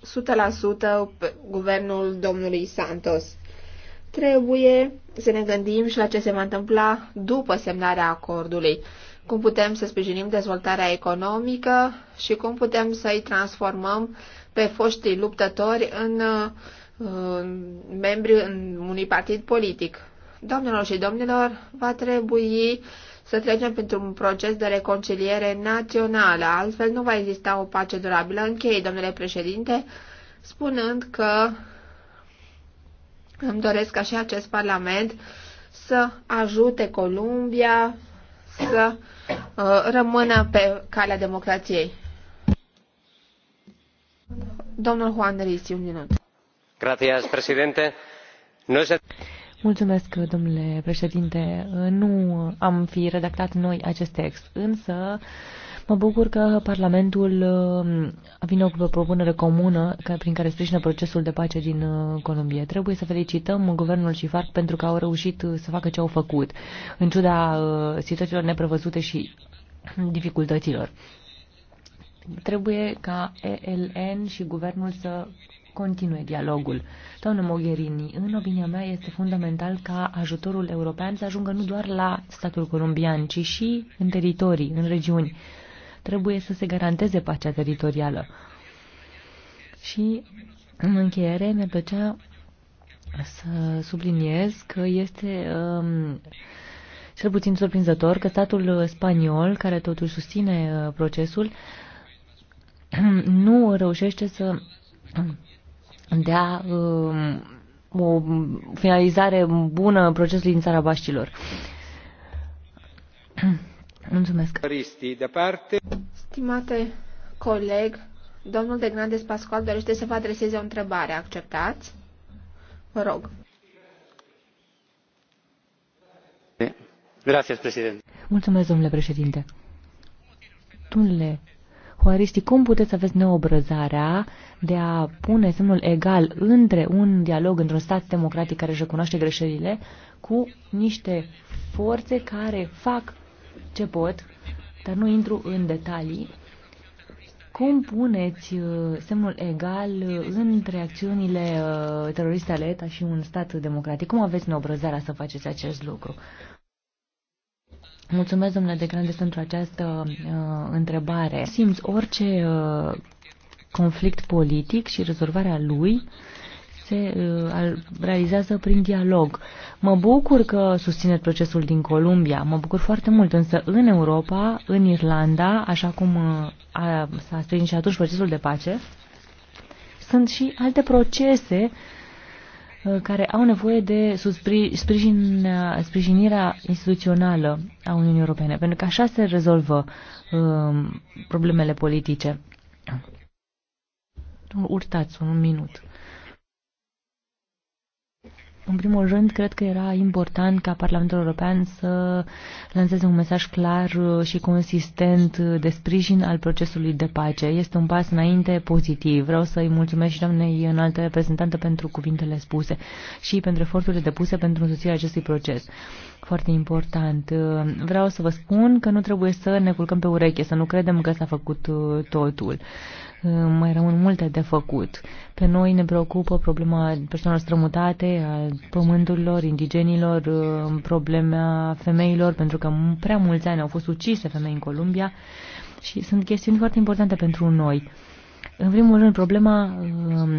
100% guvernul domnului Santos. Trebuie să ne gândim și la ce se va întâmpla după semnarea acordului, cum putem să sprijinim dezvoltarea economică și cum putem să-i transformăm pe foștii luptători în membri în unui partid politic. domnilor și domnilor, va trebui să trecem pentru un proces de reconciliere națională, altfel nu va exista o pace durabilă. Închei, domnule președinte, spunând că îmi doresc ca și acest Parlament să ajute Columbia să uh, rămână pe calea democrației. Domnul Juan Risi, un minut. Gracias, presidente. No es... Mulțumesc, domnule președinte. Nu am fi redactat noi acest text, însă mă bucur că Parlamentul uh, vine cu o propunere comună prin care sprijină procesul de pace din uh, Columbia. Trebuie să felicităm guvernul și FARC pentru că au reușit uh, să facă ce au făcut, în ciuda situațiilor neprevăzute și dificultăților. Trebuie ca ELN și guvernul să continue dialogul. Doamnă Mogherini, în opinia mea este fundamental ca ajutorul european să ajungă nu doar la statul colombian, ci și în teritorii, în regiuni. Trebuie să se garanteze pacea teritorială. Și, în încheiere, mi-ar plăcea să subliniez că este um, cel puțin surprinzător că statul spaniol, care totuși susține uh, procesul, nu reușește să de a um, o finalizare bună procesului din țara Baștilor. Mulțumesc. de parte. Stimate coleg, domnul de Grandes Pascual dorește să vă adreseze o întrebare. Acceptați? Vă rog. Gracias, președinte. Mulțumesc, domnule președinte. Domnule Hoaristi, cum puteți să aveți neobrăzarea de a pune semnul egal între un dialog într-un stat democratic care își recunoaște greșelile cu niște forțe care fac ce pot, dar nu intru în detalii. Cum puneți uh, semnul egal uh, între acțiunile uh, teroriste ale ETA și un stat democratic? Cum aveți neobrăzarea să faceți acest lucru? Mulțumesc, domnule de Grandes, pentru această uh, întrebare. Simți orice uh, conflict politic și rezolvarea lui se uh, realizează prin dialog. Mă bucur că susține procesul din Columbia, mă bucur foarte mult, însă în Europa, în Irlanda, așa cum uh, s-a strâns și atunci procesul de pace, sunt și alte procese uh, care au nevoie de sprijin, sprijinirea instituțională a Uniunii Europene, pentru că așa se rezolvă uh, problemele politice. Urtați, un minut. În primul rând, cred că era important ca Parlamentul European să lanseze un mesaj clar uh, și consistent uh, de sprijin al procesului de pace. Este un pas înainte pozitiv. Vreau să-i mulțumesc și doamnei înaltă reprezentantă pentru cuvintele spuse și pentru eforturile depuse pentru însuțirea acestui proces. Foarte important. Uh, vreau să vă spun că nu trebuie să ne culcăm pe ureche, să nu credem că s-a făcut totul mai rămân multe de făcut. Pe noi ne preocupă problema persoanelor strămutate, a pământurilor, indigenilor, uh, problema femeilor, pentru că prea mulți ani au fost ucise femei în Columbia și sunt chestiuni foarte importante pentru noi. În primul rând, problema um,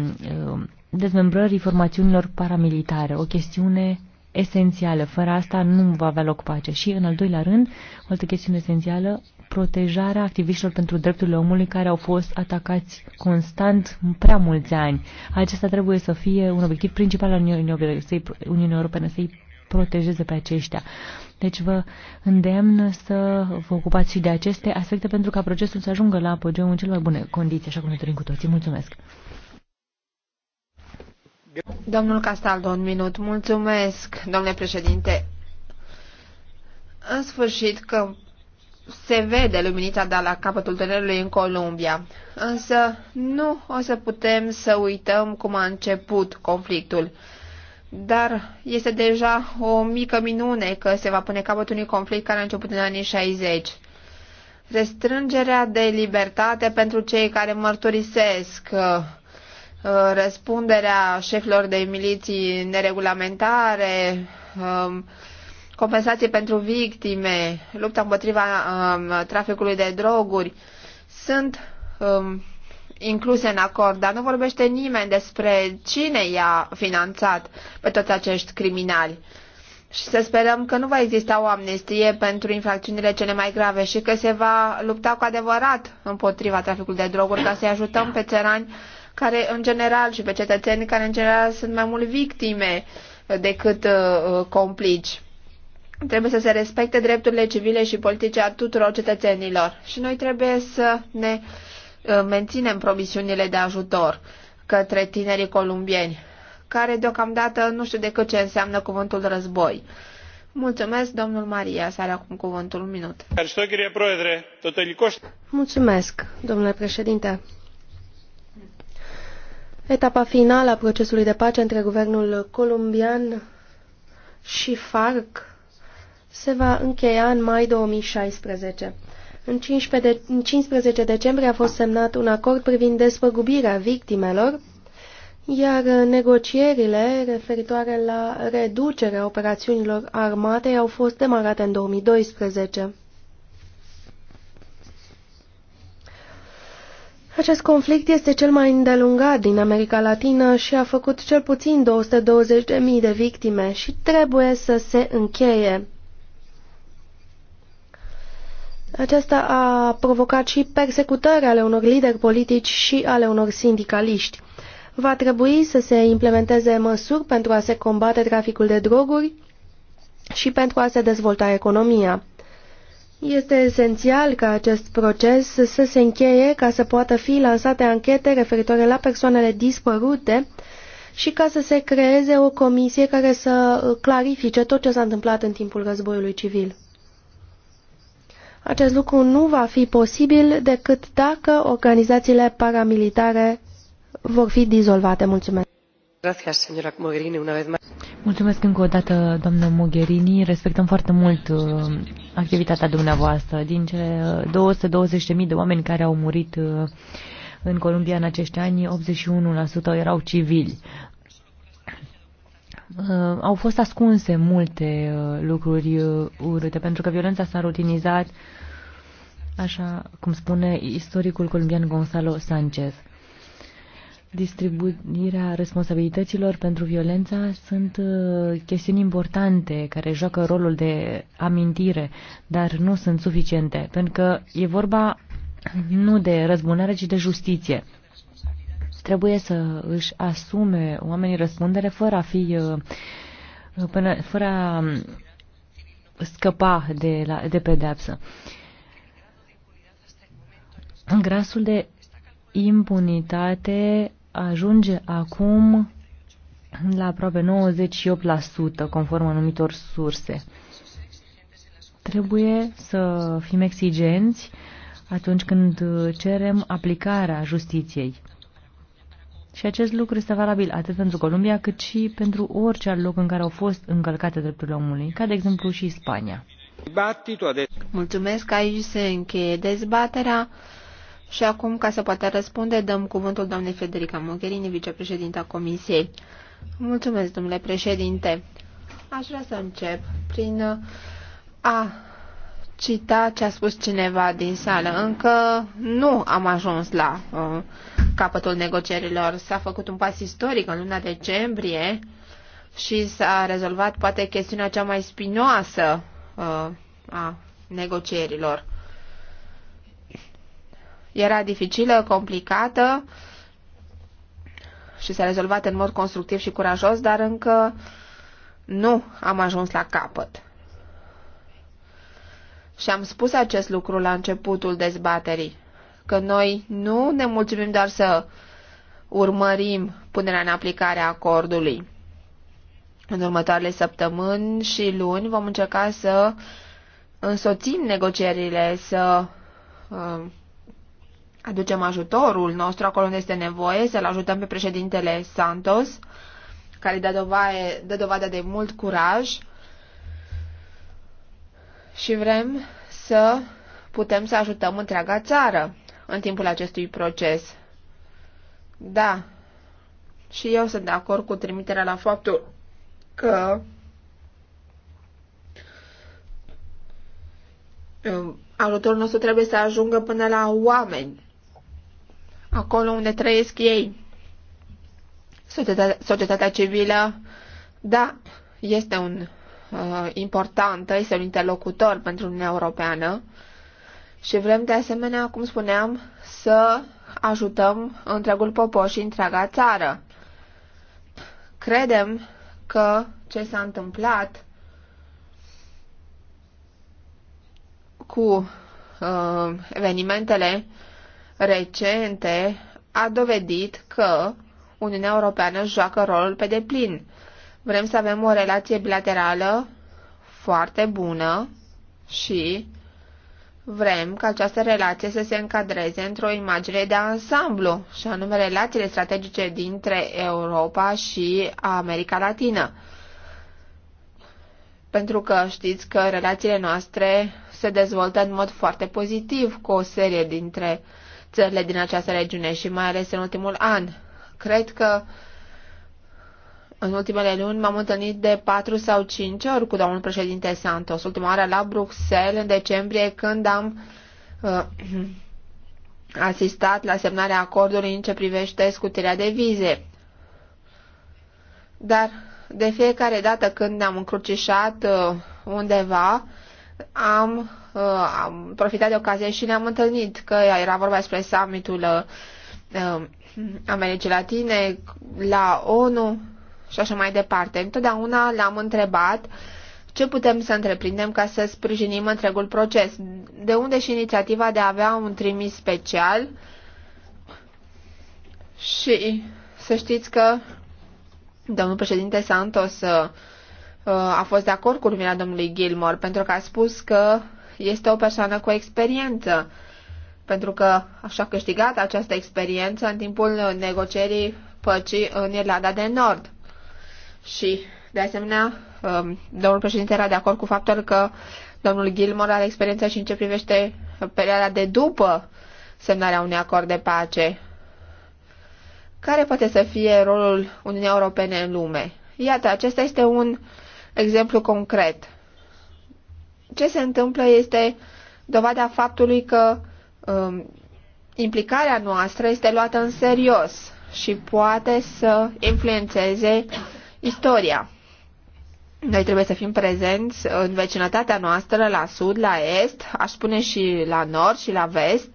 um, dezmembrării formațiunilor paramilitare, o chestiune esențială. Fără asta nu va avea loc pace. Și, în al doilea rând, o altă chestiune esențială, protejarea activiștilor pentru drepturile omului care au fost atacați constant prea mulți ani. Acesta trebuie să fie un obiectiv principal al Uniunii Europene, să-i protejeze pe aceștia. Deci vă îndemn să vă ocupați și de aceste aspecte pentru ca procesul să ajungă la apogeu în cele mai bune condiții, așa cum ne dorim cu toții. Mulțumesc! Domnul Castaldo, un minut. Mulțumesc, domnule președinte. În sfârșit, că se vede luminița de la capătul tunelului în Columbia. Însă nu o să putem să uităm cum a început conflictul. Dar este deja o mică minune că se va pune capăt unui conflict care a început în anii 60. Restrângerea de libertate pentru cei care mărturisesc, uh, răspunderea șefilor de miliții neregulamentare, um, compensații pentru victime, lupta împotriva um, traficului de droguri, sunt um, incluse în acord, dar nu vorbește nimeni despre cine i-a finanțat pe toți acești criminali. Și să sperăm că nu va exista o amnestie pentru infracțiunile cele mai grave și că se va lupta cu adevărat împotriva traficului de droguri ca să-i ajutăm pe țărani care în general și pe cetățenii care în general sunt mai mult victime decât uh, complici trebuie să se respecte drepturile civile și politice a tuturor cetățenilor și noi trebuie să ne uh, menținem promisiunile de ajutor către tinerii columbieni, care deocamdată nu știu decât ce înseamnă cuvântul război. Mulțumesc, domnul Maria, să are acum cuvântul un minut. Mulțumesc, domnule președinte. Etapa finală a procesului de pace între guvernul columbian și FARC se va încheia în mai 2016. În 15, de, în 15 decembrie a fost semnat un acord privind despăgubirea victimelor, iar negocierile referitoare la reducerea operațiunilor armate au fost demarate în 2012. Acest conflict este cel mai îndelungat din America Latină și a făcut cel puțin 220.000 de victime și trebuie să se încheie. Acesta a provocat și persecutări ale unor lideri politici și ale unor sindicaliști. Va trebui să se implementeze măsuri pentru a se combate traficul de droguri și pentru a se dezvolta economia. Este esențial ca acest proces să se încheie ca să poată fi lansate anchete referitoare la persoanele dispărute și ca să se creeze o comisie care să clarifice tot ce s-a întâmplat în timpul războiului civil. Acest lucru nu va fi posibil decât dacă organizațiile paramilitare vor fi dizolvate. Mulțumesc! Mulțumesc încă o dată, doamnă Mogherini. Respectăm foarte mult uh, activitatea dumneavoastră. Din cele 220.000 uh, de oameni care au murit uh, în Columbia în acești ani, 81% erau civili uh, au fost ascunse multe uh, lucruri uh, urâte, pentru că violența s-a rutinizat, așa cum spune istoricul colombian Gonzalo Sanchez. Distribuirea responsabilităților pentru violența sunt uh, chestiuni importante care joacă rolul de amintire, dar nu sunt suficiente, pentru că e vorba nu de răzbunare, ci de justiție trebuie să își asume oamenii răspundere fără a fi uh, până, fără a um, scăpa de, la, de pedeapsă. Grasul de impunitate ajunge acum la aproape 98% conform anumitor surse. Trebuie să fim exigenți atunci când cerem aplicarea justiției. Și acest lucru este valabil atât pentru Columbia, cât și pentru orice alt loc în care au fost încălcate drepturile omului, ca de exemplu și Spania. Mulțumesc, aici se încheie dezbaterea. Și acum, ca să poată răspunde, dăm cuvântul doamnei Federica Mogherini, vicepreședinta Comisiei. Mulțumesc, domnule președinte. Aș vrea să încep prin a cita ce a spus cineva din sală. Încă nu am ajuns la uh, capătul negocierilor. S-a făcut un pas istoric în luna decembrie și s-a rezolvat poate chestiunea cea mai spinoasă uh, a negocierilor. Era dificilă, complicată și s-a rezolvat în mod constructiv și curajos, dar încă nu am ajuns la capăt. Și am spus acest lucru la începutul dezbaterii că noi nu ne mulțumim doar să urmărim punerea în aplicare a acordului. În următoarele săptămâni și luni vom încerca să însoțim negocierile, să uh, aducem ajutorul nostru acolo unde este nevoie, să-l ajutăm pe președintele Santos, care dă dovadă, dă dovadă de mult curaj și vrem să putem să ajutăm întreaga țară în timpul acestui proces. Da, și eu sunt de acord cu trimiterea la faptul că um, ajutorul nostru trebuie să ajungă până la oameni, acolo unde trăiesc ei. Societatea, societatea civilă, da, este un uh, importantă, este un interlocutor pentru Uniunea Europeană, uh, și vrem de asemenea, cum spuneam, să ajutăm întregul popor și întreaga țară. Credem că ce s-a întâmplat cu uh, evenimentele recente a dovedit că Uniunea Europeană joacă rolul pe deplin. Vrem să avem o relație bilaterală foarte bună și Vrem ca această relație să se încadreze într-o imagine de ansamblu, și anume relațiile strategice dintre Europa și America Latină. Pentru că știți că relațiile noastre se dezvoltă în mod foarte pozitiv cu o serie dintre țările din această regiune și mai ales în ultimul an. Cred că uh, în ultimele luni m-am întâlnit de patru sau cinci ori cu domnul președinte Santos, ultima oară la Bruxelles în decembrie când am uh, asistat la semnarea acordului în ce privește scutirea de vize. Dar de fiecare dată când ne-am încrucișat uh, undeva, am, uh, am profitat de ocazie și ne-am întâlnit, că era vorba despre summitul uh, uh Americii Latine la ONU și așa mai departe. Întotdeauna l-am întrebat ce putem să întreprindem ca să sprijinim întregul proces. De unde și inițiativa de a avea un trimis special și să știți că domnul președinte Santos uh, uh, a fost de acord cu lumina domnului Gilmore pentru că a spus că este o persoană cu experiență pentru că așa a câștigat această experiență în timpul negocierii păcii în Irlanda de Nord și, de asemenea, um, domnul președinte era de acord cu faptul că domnul Gilmore are experiență și în ce privește perioada de după semnarea unui acord de pace. Care poate să fie rolul Uniunii Europene în lume? Iată, acesta este un exemplu concret. Ce se întâmplă este dovada faptului că um, implicarea noastră este luată în serios și poate să influențeze istoria. Noi trebuie să fim prezenți în vecinătatea noastră, la sud, la est, aș spune și la nord și la vest,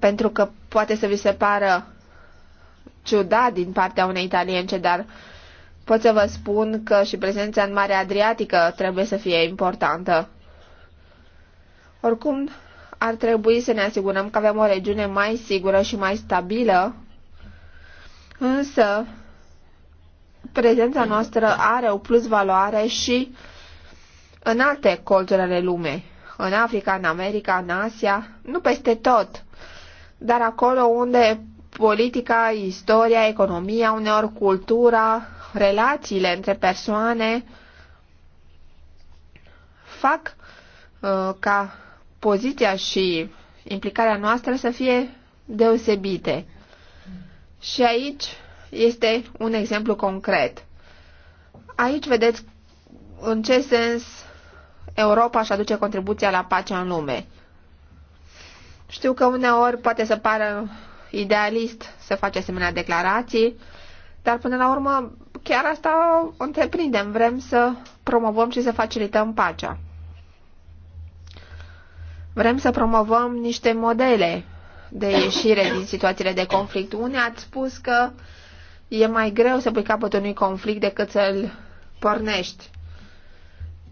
pentru că poate să vi se pară ciudat din partea unei italience, dar pot să vă spun că și prezența în Marea Adriatică trebuie să fie importantă. Oricum, ar trebui să ne asigurăm că avem o regiune mai sigură și mai stabilă Însă, prezența noastră are o plus valoare și în alte colțuri ale lumei, în Africa, în America, în Asia, nu peste tot, dar acolo unde politica, istoria, economia, uneori cultura, relațiile între persoane fac uh, ca poziția și implicarea noastră să fie deosebite. Și aici este un exemplu concret. Aici vedeți în ce sens Europa își aduce contribuția la pacea în lume. Știu că uneori poate să pară idealist să face asemenea declarații, dar până la urmă chiar asta o întreprindem. Vrem să promovăm și să facilităm pacea. Vrem să promovăm niște modele de ieșire din situațiile de conflict. Unii ați spus că e mai greu să pui capăt unui conflict decât să-l pornești.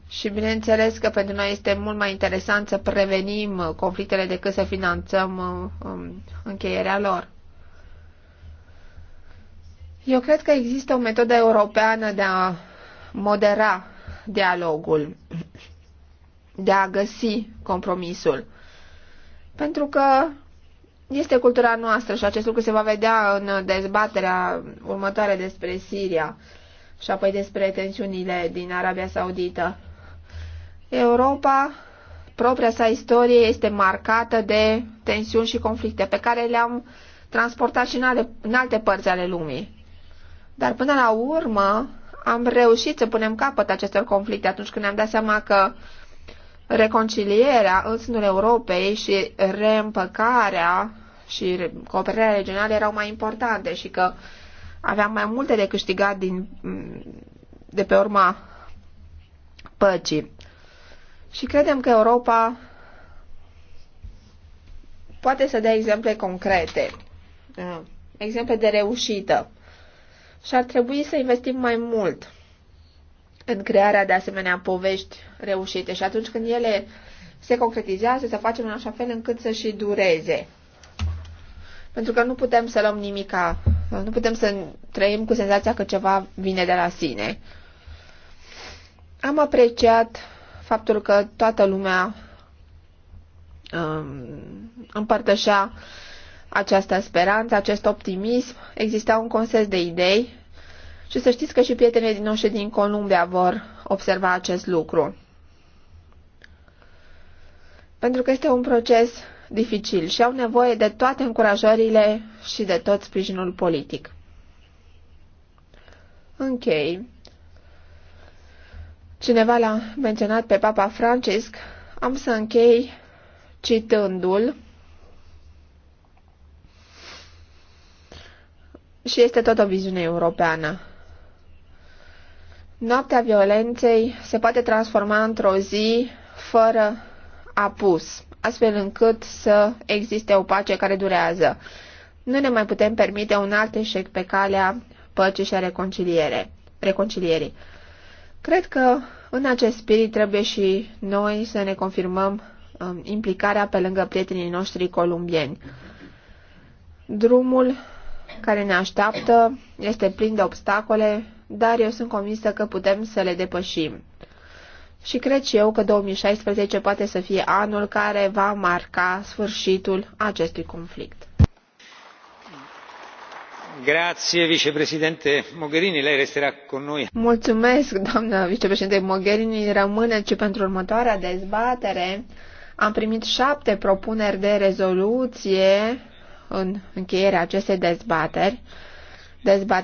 Și bineînțeles că pentru noi este mult mai interesant să prevenim conflictele decât să finanțăm uh, um, încheierea lor. Eu cred că există o metodă europeană de a modera dialogul, de a găsi compromisul. Pentru că este cultura noastră și acest lucru se va vedea în dezbaterea următoare despre Siria și apoi despre tensiunile din Arabia Saudită. Europa, propria sa istorie, este marcată de tensiuni și conflicte pe care le-am transportat și în alte, în alte părți ale lumii. Dar până la urmă am reușit să punem capăt acestor conflicte atunci când ne-am dat seama că reconcilierea în sânul Europei și reîmpăcarea și cooperarea regională erau mai importante și că aveam mai multe de câștigat din, mm, de pe urma păcii. Și credem că Europa poate să dea exemple concrete, uh, exemple de reușită. Și ar trebui să investim mai mult în crearea de asemenea povești reușite și atunci când ele se concretizează, să facem în așa fel încât să și dureze. Pentru că nu putem să luăm nimica, nu putem să trăim cu senzația că ceva vine de la sine. Am apreciat faptul că toată lumea um, împărtășea această speranță, acest optimism, exista un consens de idei și să știți că și prietenii noștri din Columbia vor observa acest lucru. Pentru că este un proces dificil și au nevoie de toate încurajările și de tot sprijinul politic. Închei. Cineva l-a menționat pe Papa Francisc. Am să închei citându-l. Și este tot o viziune europeană. Noaptea violenței se poate transforma într-o zi fără apus astfel încât să existe o pace care durează. Nu ne mai putem permite un alt eșec pe calea păcii și a reconciliere, reconcilierii. Cred că în acest spirit trebuie și noi să ne confirmăm um, implicarea pe lângă prietenii noștri columbieni. Drumul care ne așteaptă este plin de obstacole, dar eu sunt convinsă că putem să le depășim și cred și eu că 2016 poate să fie anul care va marca sfârșitul acestui conflict. Grazie, vicepreședinte Mogherini, lei resterà con noi. Mulțumesc, doamna vicepreședinte Mogherini, rămâneți pentru următoarea dezbatere. Am primit șapte propuneri de rezoluție în încheierea acestei dezbateri. Dezbatere